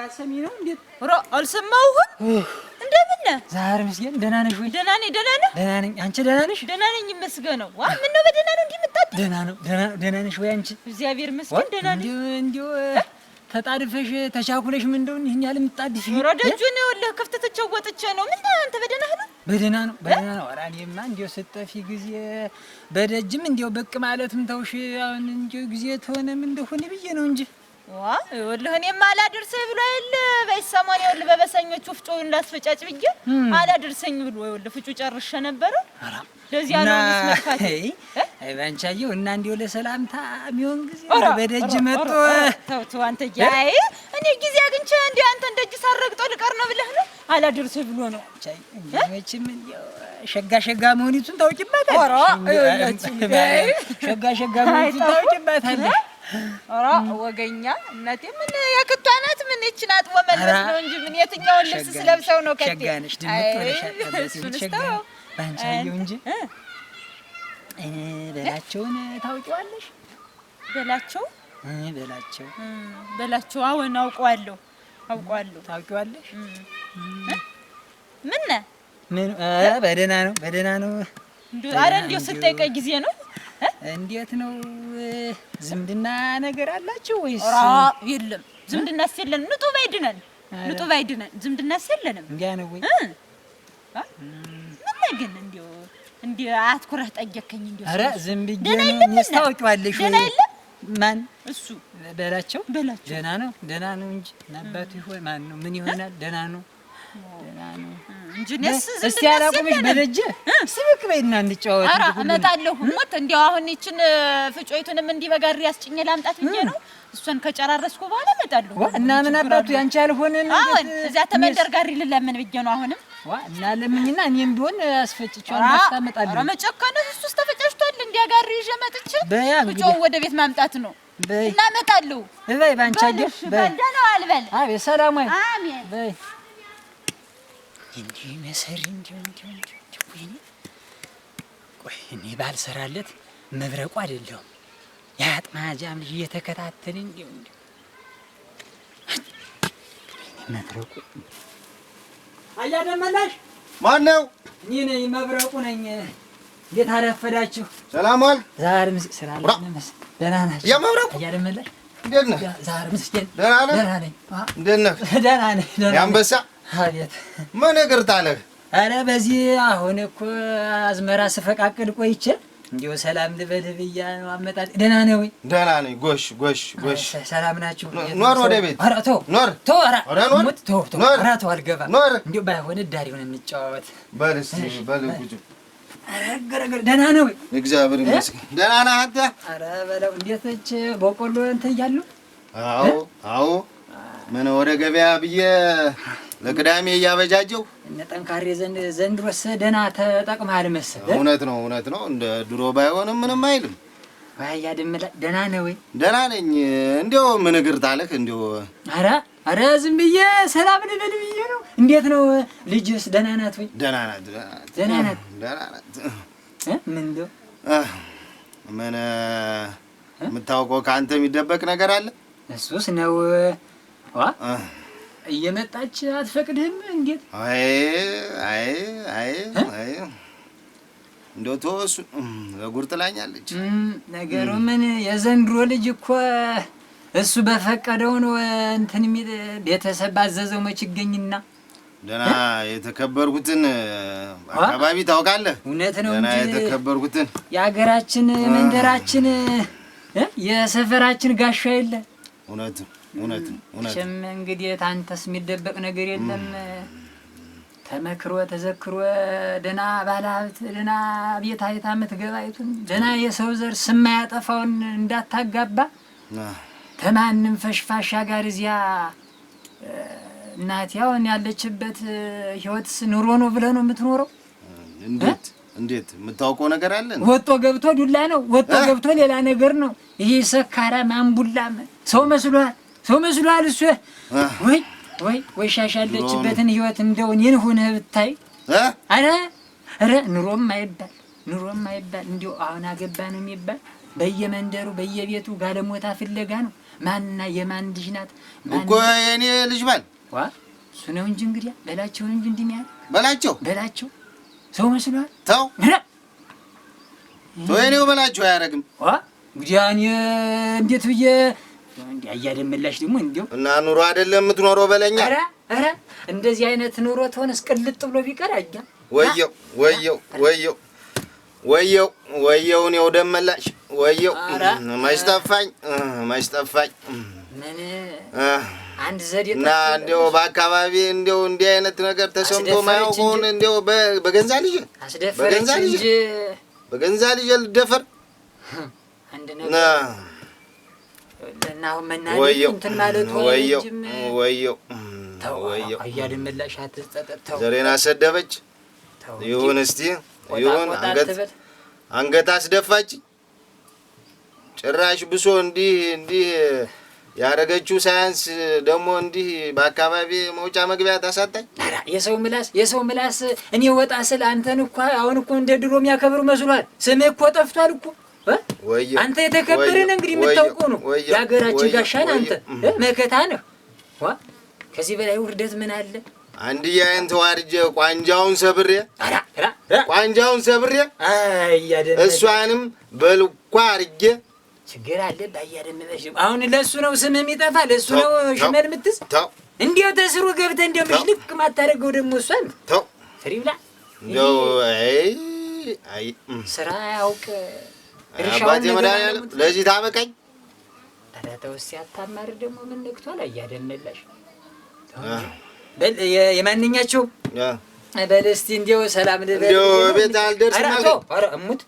ባልሰሚ ነው እንዴት? ኧረ አልሰማሁህም። እንደምን ነህ? ዛሬ ምስጌን ደህና ነሽ ወይ? ደህና ነኝ፣ ደህና ነህ? ደህና ነኝ። አንቺ ደህና ነሽ? ደህና ነኝ ይመስገነው። ዋ ምን ነው በደህና ነው እንዲመጣጥ? ደህና ነው፣ ደህና ደህና ነሽ ወይ አንቺ? እግዚአብሔር ይመስገን ደህና ነኝ። እንዲሁ ተጣድፈሽ ተቻኩለሽ ምን እንደው ይህን ያህል የምትጣድፊ? ኧረ ደጁን ይኸውልህ ክፍት ትቼው ወጥቼ ነው። ምን አንተ በደህና ነው? በደህና ነው፣ በደህና ነው። ኧረ እኔማ እንዲሁ ስጠፊ ጊዜ በደጅም እንዲሁ ብቅ ማለትም ተውሽ። አሁን እንዲሁ ጊዜ ተሆነም እንደሆነ ብዬ ነው እንጂ ይኸውልህ እኔማ አላደርሰኝ ብሎ የለ በይ ሰሞን ይኸውልህ በበሰኞች ወፍጮ እንዳስፈጫጭ ብዬ አላደርሰኝ ብሎ ይኸውልህ ፍጩ ጨርሼ ነበረ። ለዚያ ነው መስመርካት። ባንቻየው እና እንዲሁ ለሰላምታ የሚሆን ጊዜ በደጅ መጥቶ ተው አንተ ያይ እኔ ጊዜ አግኝቼ እንዲህ አንተን ደጅ ሳረግጦ ልቀር ነው ብለህ ነው አላደርሰኝ ብሎ ነው። መቼም እንዲያው ሸጋ ሸጋ መሆኒቱን ታውቂባታለሽ። ሸጋ ሸጋ መሆኒቱን ታውቂባታለሽ። ኧረ ወገኛ እናቴ ምን የክቷ ናት? ምን ይህች ናት? ወመለስ ነው እንጂ ምን የትኛውን ልብስ ስለብሰው ነው? ከቴ በአንቺ አየሁ እንጂ በላቸውን ታውቂዋለሽ? በላቸው በላቸው በላቸው። አዎን አውቀዋለሁ አውቀዋለሁ። ታውቂዋለሽ? ምን ምን በደህና ነው በደህና ነው። ኧረ እንዲሁ ስጠይቀኝ ጊዜ ነው እንዴት ነው ዝምድና ነገር አላችሁ ወይስ? የለም ዝምድና የለንም። ንጡ ባይድነን ንጡ ባይድነን ዝምድና የለንም። እንዴ ነው ወይ? ምን ግን እንዴ እንዲያው አትኩረህ ጠየከኝ። እንዲያው ኧረ ዝም ብዬሽ ነው ታውቂዋለሽ ወይ? ማን እሱ በላቸው በላቸው። ደህና ነው ደህና ነው እንጂ እናባቱ ይሆን ማን ነው ምን ይሆናል? ደህና ነው ደህና ነው እንጂ ነስ እስቲ አላቁምሽ በደጅ ስብክ በይና እንጫወት። ኧረ እመጣለሁ። ሞት እንዲያው አሁን ይችን ፍጮይቱንም እንዲህ በጋሪ ያስጭኝ ላምጣት ብዬ ነው። እሷን ከጨራረስኩ በኋላ እመጣለሁ። እና ምን አባቱ ያንቺ አልሆነን። አሁን እዚያ ተመንደር ጋሪ ልለምን ብዬ ነው አሁንም እና ለምኝና እኔም ቢሆን አስፈጭቼዋል ማስታመጣለሁ። ኧረ መጨከነህ እሱስ ተፈጫጭቷል። እንዲያ ጋሪ ይዤ መጥቼ ፍጮውን ወደ ቤት ማምጣት ነው። እናመጣለሁ። በይ ባንቻ በል ደህና ዋል በል። አቤት ሰላም ወይ። አሜን በይ እንዲህ መሰሪ እንዲሁ እንዲሁ እንዲሁ ወይኔ ቆይ እኔ ባልሰራለት መብረቁ አይደለሁም። የአጥማጃም ልጅ እየተከታተለ እንዲሁ እንዲሁ መብረቁ አያደመላሽ ማን ነው? እኔ ነኝ መብረቁ ነኝ። እንዴት አረፈዳችሁ? ሰላም ዋል። ዛሬ ምስክ ስራ ለመስ ደህና ናችሁ? የመብረቁ አያደመላሽ እንዴት ነህ? ዛሬ ምስ ደህና ነህ? ደህና ነኝ። እንዴት ነህ? ደህና ነኝ። ያንበሳ አቤት ምን እግር ጣለህ? አረ በዚህ አሁን እኮ አዝመራ ስፈቃቅድ ቆይቼ እንዲሁ ሰላም ልበልህ ብያ ነው። አመጣጥ ደህና ነህ ወይ? ደህና ነኝ። ጎሽ ጎሽ ጎሽ። ሰላም ናችሁ? ኖር ወደ ቤት ኧረ ተው ኖር ተው ኧረ ሙት ተው ተው ኧረ ተው አልገባም ኖር እንዲሁ ባይሆን ዳሪውን እንጫወት በል እስኪ በል ጉጂ ኧረ ገረገር ደህና ነህ ወይ? እግዚአብሔር ይመስገን ደህና ነህ አንተ? ኧረ በለው እንዴት ነች በቆሎ እንትን እያሉ አዎ አዎ ምን ወደ ገበያ ብዬ ለቅዳሜ እያበጃጀው እነ ጠንካሬ ዘንድ ዘንድሮስ ደህና ተጠቅመሃል መሰለህ። እውነት ነው እውነት ነው። እንደ ድሮ ባይሆንም ምንም አይልም። ባያ ደምላ ደህና ነህ ወይ? ደህና ነኝ። እንዲያው ምን እግር ታለህ? እንዲያው ኧረ ኧረ ዝም ብዬ ሰላም ልበል ብዬ ነው። እንዴት ነው ልጅስ? ደህና ናት ወይ? ደህና ናት ደህና ናት ደህና ናት። ምን እንደው ምን የምታውቀው ከአንተ የሚደበቅ ነገር አለ? እሱስ ነው ዋ እየመጣች አትፈቅድህም? እንዴት? አይ አይ አይ አይ እንደው ተወሱ በጉር ጥላኛለች። ነገሩ ምን የዘንድሮ ልጅ እኮ እሱ በፈቀደው ነው እንትን የሚል ቤተሰብ ባዘዘው መች ይገኝና ደና የተከበርኩትን አካባቢ ታውቃለህ። እውነት ነው እንጂ የተከበርኩትን የሀገራችን መንደራችን የሰፈራችን ጋሻ የለ እውነትም እውነት ነው። እውነትም እንግዲህ ታንተስ የሚደበቅ ነገር የለም። ተመክሮ ተዘክሮ ደና ባለሀብት ደና ቤት አይታ የምትገባይቱን ደና የሰው ዘር ስም ያጠፋውን እንዳታጋባ ከማንም ፈሽፋሻ ጋር እዚያ እናት ያውን ያለችበት ህይወትስ ኑሮ ነው ብለህ ነው የምትኖረው? እንዴት እንዴት የምታውቀው ነገር አለ? ወጦ ገብቶ ዱላ ነው፣ ወጦ ገብቶ ሌላ ነገር ነው። ይህ ሰካራ ማንቡላም ሰው መስሏል። ሰው መስሏል። እሱ ወይ ወይ ወይ ሻሻለችበትን ህይወት እንደው እኔን ሆነህ ብታይ። አረ አረ ኑሮም አይባል ኑሮም አይባል እንዲው አሁን አገባ ነው የሚባል በየመንደሩ በየቤቱ ጋለሞታ ፍለጋ ነው። ማንና የማን ልጅ ናት እኮ የኔ ልጅ ባል ዋ እሱ ነው እንጂ እንግዲያ በላቸውን እንጂ እንዲሚያል በላቸው በላቸው ሰው መስሏል። ተው ተው የኔው በላቸው አያረግም። ዋ እንግዲያ እኔ እንዴት ብዬ አያደመላሽ ደግሞ እንዲያው እና ኑሮ አይደለም የምትኖረው በለኛ። ኧረ ኧረ እንደዚህ አይነት ኑሮ ትሆንስ ቅልጥ ብሎ ቢቀር አያ ወየው ወየው ወየው ወየው ወየው ነው ደመላሽ ወየው መች ጠፋኝ መች ጠፋኝ። ምን አንድ ዘዴ እና እንደው በአካባቢ እንደው እንዲህ አይነት ነገር ተሰምቶ ማያውቀውን እንደው በገንዛ ልጅ በገንዛ ልጅ በገንዛ ልጅ ልደፈር አንድ ነገር እና አያድን አትጸጠጥተው ዘሬን አሰደበች። ይሁን እስቲ ይሁን አንገት አንገት አስደፋች። ጭራሽ ብሶ እንዲህ እንዲህ ያደረገችው ሳያንስ ደግሞ እንዲህ በአካባቢ መውጫ መግቢያ ታሳጣኝ። የሰው ምላስ የሰው ምላስ እኔ ወጣ ስለ አንተን እኮ አሁን እኮ እንደ ድሮ የሚያከብሩ መስሏል። ስሜ እኮ ጠፍቷል እኮ አንተ የተከበረን እንግዲህ የምታውቀው ነው። የሀገራችን ጋሻን አንተ መከታ ነህ። ከዚህ በላይ ውርደት ምን አለ? አንድ የአይንት ዋርጀ ቋንጃውን ሰብሬ ቋንጃውን ሰብሬ እሷንም በልኳ አርጌ ችግር አለ ባያደምበሽ። አሁን ለእሱ ነው ስም የሚጠፋ ለእሱ ነው ሽመል ምትስ እንዲያው ተስሩ ገብተ እንደ ልክ ማታደርገው ደግሞ እሷን ተው ትሪ ብላ ስራ ያውቅ አባቴ መድኃኒዓለም ለዚህ ታበቃኝ። ኧረ ተው እስኪ ደግሞ ምን ነክቷል? አያደንላሽ በል የማንኛቸው በል እስኪ እንዲያው ሰላም ልበል። ቤት አልደርስም። ኧረ እሙት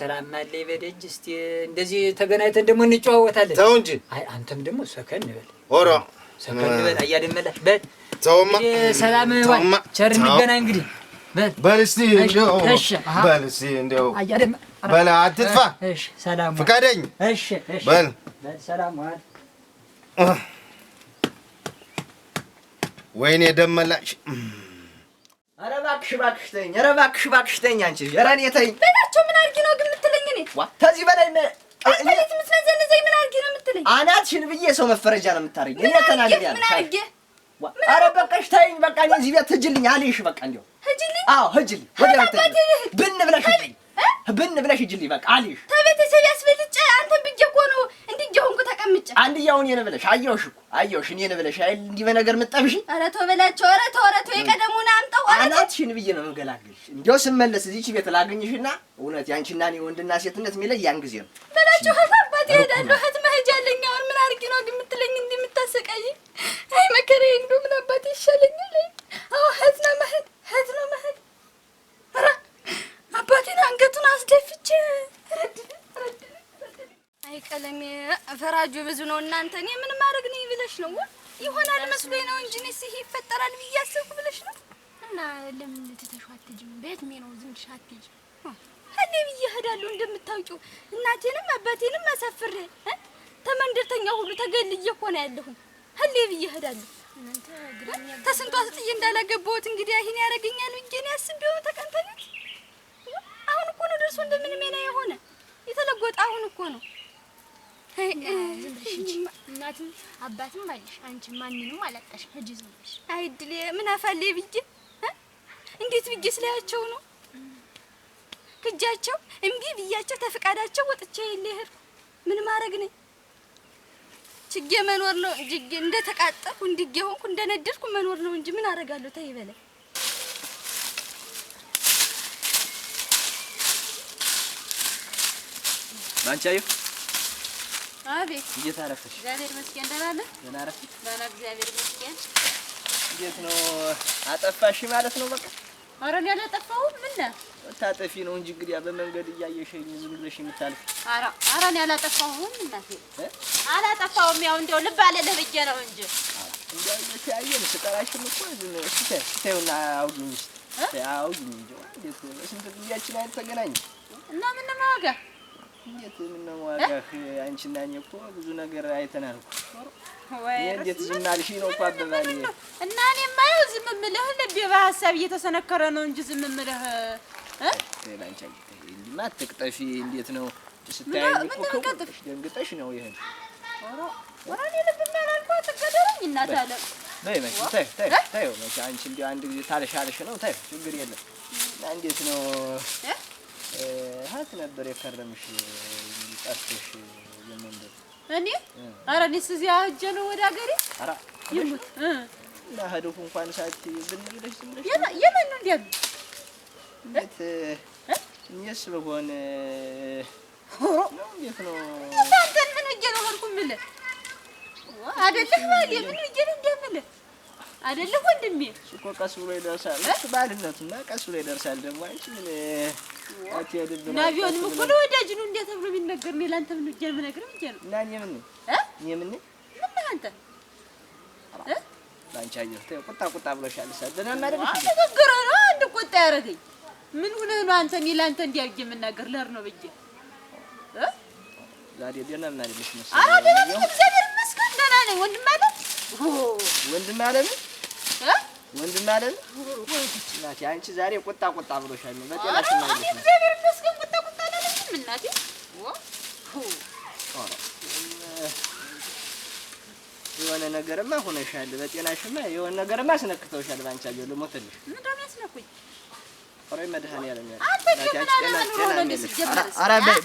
ሰላም አለ በደጅ። እስቲ እንደዚህ ተገናኝተን ደግሞ እንጨዋወታለን። ተው እንጂ አንተም ደግሞ ሰከን በል፣ ኦሮ ሰከን በል። አያደንላሽ በል ተውማ። ሰላም ዋል፣ ቸር እንገናኝ እንግዲህ በል በል እስኪ እንደው በል እስኪ እንደው አያደንላ በል አትጥፋ። ፍቃደኝ። በል ወይኔ ደመላሽ። ኧረ እባክሽ እባክሽ ተይኝ። ኧረ እባክሽ እባክሽ ተይኝ። አንቺ ኧረ እኔ ተይኝ በላቸው። ምን አድርጊ ነው ግን የምትለኝ? እኔ ከዚህ በላይ የምትነዘንዘኝ ምን አድርጊ ነው የምትለኝ? አናትሽን ብዬ ሰው መፈረጃ ነው የምታደርጊ። እኔ ተናግሬያለሁ። ኧረ በቃሽ ተይኝ። በቃ እዚህ ቤት ሂጂልኝ አልሄድሽ። በቃ እንደው ሂጂልኝ። አዎ ሂጂልኝ ብን ብለሽ ብን ብለሽ ሂጂልኝ። በቃ አልሽ ተቤተሰብ ያስበልጨ አንተን ብዬሽ እኮ ነው እንዲህ ሆንኩ ተቀምጬ። አንድያው የነ ብለሽ አየሁሽ እኮ አየሁሽ፣ እኔን ብለሽ አይል እንዲህ በነገር የምጠብሽ። ኧረ ተው በላቸው፣ ኧረ ተው፣ ኧረ ተው፣ የቀደሙን አምጣው። አናትሽን ብዬሽ ነው የምገላግልሽ። እንዲያው ስመለስ እዚህች ቤት ላገኝሽና እውነት ያንቺና እኔ ወንድና ሴትነት የሚለይ ያን ጊዜ ነው በላቸው። እህት አባቴ እሄዳለሁ፣ እህት መሄጃ አለኝ። አሁን ምን አድርጊ ነው ግን የምትለኝ? እንዲህ የምታሰቃይኝ? አይ መከሬ፣ እንደው ምን አባቴ ይሻለኛል። አዎ እህት ፈራጁ ብዙ ነው እናንተ። እኔ ምን ማድረግ ነኝ ብለሽ ነው? ይሆናል መስሎኝ ነው እንጂ እኔ ይሄ ይፈጠራል ብዬ አሰብኩ ብለሽ ነው። እና ለምን ትተሽ አትሄጂም? በየትሜ ነው ዝም ብለሽ አትሄጂም? እኔ ብዬ እሄዳለሁ እንደምታውቂው፣ እናቴንም አባቴንም አሳፍሬ ተመንደርተኛ ሁሉ ተገልዬ እኮ ነው ያለሁኝ። ህሌ ብዬ እሄዳለሁ። ተስንቷ ስጥዬ እንዳላገባሁት እንግዲህ ይሄን ያደርገኛል ብዬ እኔ አስቤ ሆነ ተቀንተኝ። አሁን እኮ ነው ደርሶ ሜና የሆነ የተለጎጠ አሁን እኮ ነው እናትም አባትም አለሽ አንቺ ማንንም አላጣሽም። ሂጂ ዝም ብለሽ አይድል ምን አፋሌ ብዬ እንዴት ብዬ ስለያቸው ነው ክጃቸው እምቢ ብያቸው ተፈቃዳቸው ወጥቼ የለ ይሄድ ምን ማድረግ ነኝ? ችጌ መኖር ነው እንጂ እንደ ተቃጠልኩ እንዲጌ ሆንኩ እንደነደድኩ መኖር ነው እንጂ ምን አደርጋለሁ? ተይ በለኝ ማንቻዩ አቤት፣ እንዴት አረፈሽ? እግዚአብሔር ይመስገን። ደህና ነህ? ደህና አረፈሽ? ደህና እግዚአብሔር ይመስገን። እንዴት ነው አጠፋሽ ማለት ነው? በቃ ኧረ እኔ አላጠፋሁም። ምን ነው ታጠፊ ነው እንጂ እንግዲህ በመንገድ እያየሽኝ ዝም ብለሽ የምታልፍ። ኧረ ኧረ እኔ አላጠፋሁም እናቴ፣ አላጠፋሁም። ያው እንደው ልብ አለልህ ብዬሽ ነው እንጂ እያየን ስጠራሽም ስንት ጊዜያችን አይተገናኝም እና ምንም ዋጋ እንዴት ምነው ዋጋህ? አንቺና እኔ እኮ ብዙ ነገር አይተናል እኮ። እንዴት ዝም አልሽኝ ነው እኮ አበባል። እና እኔማ ያው ዝም የምልህ ልቤ በሀሳብ እየተሰነከረ ነው እንጂ ዝም የምልህ ባንቺ እንዲማ አትቅጠፊ። እንዴት ነው ስታይኝ እኮ ደንግጠሽ ነው ይህን ታለሻለሽ ነው። ችግር የለም እና እንዴት ነው ሀት ነበር የከረምሽ ጠርቶሽ የመንደር እኔ አረ እኔስ እዚህ ሂጅ ነው ወደ ሀገሬ ይሙት እና ሄደሁ እንኳን ሳት ብንብለሽ ዝም የማን ነው እንዲያሉ እንዴት እኔስ ብሆን ሆሮ ነው እንዴት ነው አንተን ምን እጀ ነው ሆንኩ የምልህ አይደለህ ባሌ ምን እጀ ነው እንዲህ የምልህ አይደለህ ወንድሜ እኮ ቀስ ብሎ ይደርሳል ባልነቱና ቀስ ብሎ ይደርሳል ደግሞ አንቺ ምን ናቢዮንም እኮ ለወዳጅ ነው እንዲያ ተብሎ የሚነገር ነው። ለአንተ ምን እጄ የምነግርህ እንጂ ነው እና እኔ ምን እኔ ምን ምን አንተ እ ተይው፣ ቁጣ ቁጣ ብሎሻል። ሰደና ማለት ነው ተገገረ ነው አንድ ቁጣ ያደረገኝ ምን ሆነህ ነው አንተ? እኔ ለአንተ እንዲያ ብዬሽ የምናገር ለር ነው ብዬሽ ዛሬ ደህና ምን አይደለሽ መሰለኝ። ኧረ ደህና ነኝ፣ እግዚአብሔር ይመስገን ደህና ነኝ። ወንድም አለ ወንድም አለ ምን ወንድም ማለት እናቴ፣ አንቺ ዛሬ ቁጣ ቁጣ ብሎሻል። በጤናሽ ነው አይደል? እግዚአብሔር ይመስገን ቁጣ ቁጣ አላለችም እናቴ። የሆነ ነገርማ ሆነሻል። በጤናሽማ የሆነ ነገርማ አስነክተውሻል። ባንቺ አየሁ ልሞትልሽ። ምንድን ነው ያስነኩኝ? ኧረ መድኃኒዓለም ያለ ኧረ በይ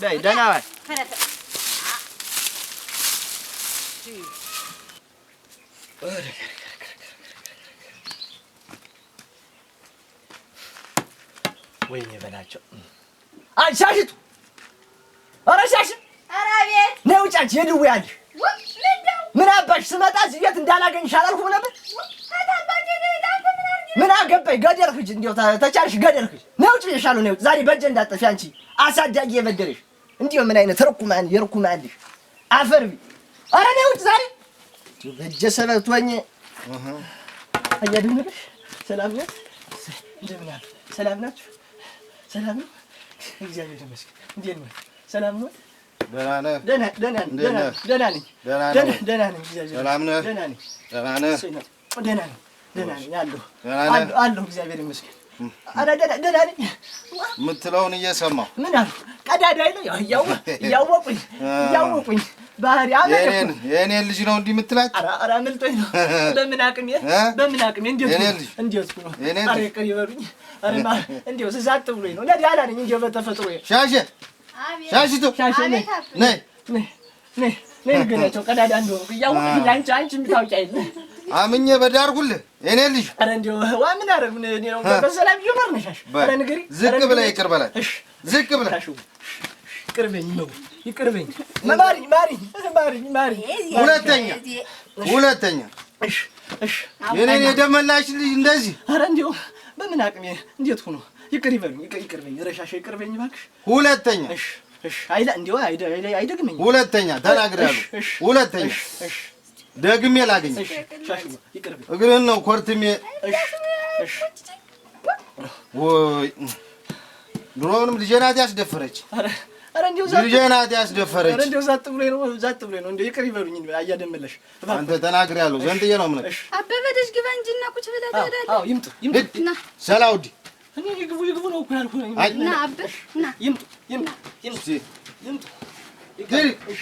በይ፣ ደህና በይ ወደ ወይኔ በላቸው። አንቺ ሻሽቱ፣ ኧረ ሻሽ፣ ኧረ ቤት ነይ ውጭ። አንቺ የድዌ አንቺ ምን አባሽ ስመጣ እዚህ ቤት እንዳላገኝሽ አላልኩም ነበር? ምን አገባኝ። ገደል ሂጅ፣ እንዲያው ተቻልሽ ገደል ሂጅ። ነይ ውጭ ብዬሻለሁ። ነይ ውጭ ዛሬ በእጄ እንዳጠፊ። አንቺ አሳዳጊ የበደለሽ እንዲያው ምን አይነት ርኩማን የርኩማን ልሽ አፈርቢ። ኧረ ነይ ውጭ ዛሬ በጀ ሰበት ወኝ አያድም ሰላም ናት። እንደምን አለ። ሰላም ናችሁ? ሰላም ነው። እግዚአብሔር ይመስገን። እንዴት ነው? ሰላም ነው። ደህና ነህ? ደህና ደህና ነኝ። ደህና ነኝ። ደህና ነኝ። እግዚአብሔር ይመስገን። ምትለውን እየሰማሁ ምን አሉ ቀዳዳ ነው እያወቁኝ እያወቁኝ ባህሪ የእኔን ልጅ ነው እንዲህ የምትላት ኧረ አመልጦኝ ነው። በምን አቅሜ በምን አቅሜ እንዴት ብሎ ኧረ ይቅር ይበሉኝ። እንዲሁ ስዛት ብሎኝ ነው ነዳላ ነኝ እንዲሁ በተፈጥሮ ሻሼ ሻሽቱ ሻሼ ነይ ነይ ነይ ነይ ንገሪያቸው ቀዳዳ እንደሆንኩ እያወቁኝ አንቺ አንቺ የምታውቂ አይደል አምኜ በዳርጉልህ የኔ ልጅ። ኧረ እንደው ዋ ምን አደረግ እኔ ነው በሰላም ዝቅ ብለህ ይቅር በላት። ዝቅ ብለህ ይቅርበኝ ነው ይቅርበኝ። ሁለተኛ ሁለተኛ። እሺ እሺ። የኔን የደመላሽ ልጅ እንደዚህ። ኧረ እንደው በምን አቅሜ እንዴት ሆኖ ይቅር ይቅርበኝ፣ ረሻሽ ይቅርበኝ እባክሽ። ሁለተኛ እሺ እሺ። አይላ እንደው አይደግመኝ። ሁለተኛ ተናግሬያለሁ። ሁለተኛ እሺ ደግሜ ላገኝሽ እግርህን ነው ኮርትሜ። ወይ ድሮውንም ልጄ ናት ያስደፈረች፣ ልጄ ናት ያስደፈረች። ዛት ብሎኝ ነው፣ ዛት ብሎኝ ነው። እንደው ይቅር ይበሉኝ። አያደምለሽ አንተ ተናግር ያለው ዘንጥዬ ነው። ምን አበበ ግባ እንጂ እና ቁጭ ብለህ ትሄዳለህ። ይምጡ፣ ይምጡ። ሰላውዲ እኔ ይግቡ፣ ይግቡ ነው እኮ ያልኩህ። እና አበሽ፣ ና ይምጡ፣ ይምጡ፣ ይምጡ፣ ይምጡ። እሺ